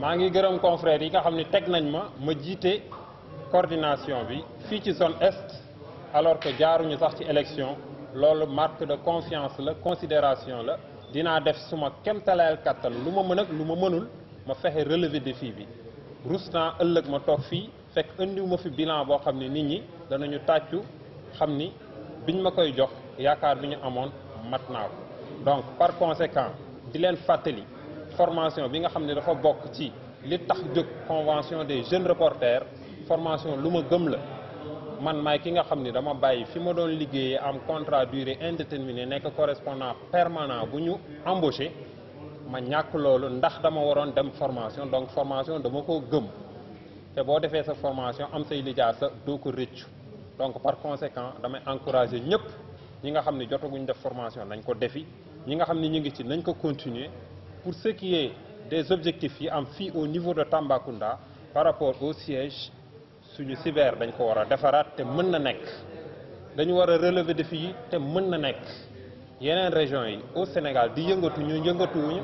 maa ngi gërëm confrères yi nga xam ne teg nañ ma ma jiite coordination bi fii ci zone est alors que jaaruñu sax ci élection loolu marque de confiance la considération la dinaa def suma kemtalayal kàttan lu ma mën ak lu ma mënul ma fexe relever défi bi rus naa ëllëg ma toog fii fekk indiwuma fi bilan boo xam ne nit ñi danañu tàccu xam ni biñ ma koy jox yaakaar bi ñu amoon mat naa ko donc par conséquent di leen fàttali formation bi nga xam ne dafa bokk ci li tax jóg convention des jeunes reporters formation lu ma gëm la man maay ki nga xam ni dama bàyyi fi ma doon liggéeyee am contrat durée indéterminée nekk correspondant permanent bu ñu embauché ma ñàkk loolu ndax dama waroon dem formation donc formation dama ko gëm te boo defee sa formation am say lijaar sa doo ko rëccu donc par conséquent damay encouragé ñëpp ñi nga xam ne jotaguñ def formation nañ ko defi ñi nga xam ne ñu ngi ci nañ ko continuer pour ce qui des objectifs yi am fii au niveau de Tambacounda par rapport au siège suñu cyber dañ ko war a defaraat te mën na nekk dañu war a relever défi yi te mën na nekk yeneen région yi au Sénégal di yëngatu ñu yëngatuwuñu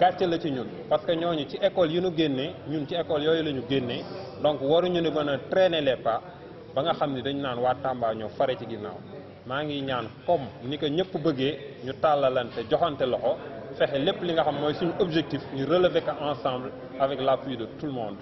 gàcce la ci ñun parce que ñoo ñooñu ci école yi ñu génnee ñun ci école yooyu la ñu génnee donc waruñu ne mën a traîner les pas ba nga xam ni dañ naan waa Tamba ñoo fare ci ginnaaw maa ngi ñaan comme ni ko ñëpp bëggee ñu tàllalante joxante loxo fexe lépp li nga xam mooy suñu objectif ñu relever ko ensemble avec l'appui de tout le monde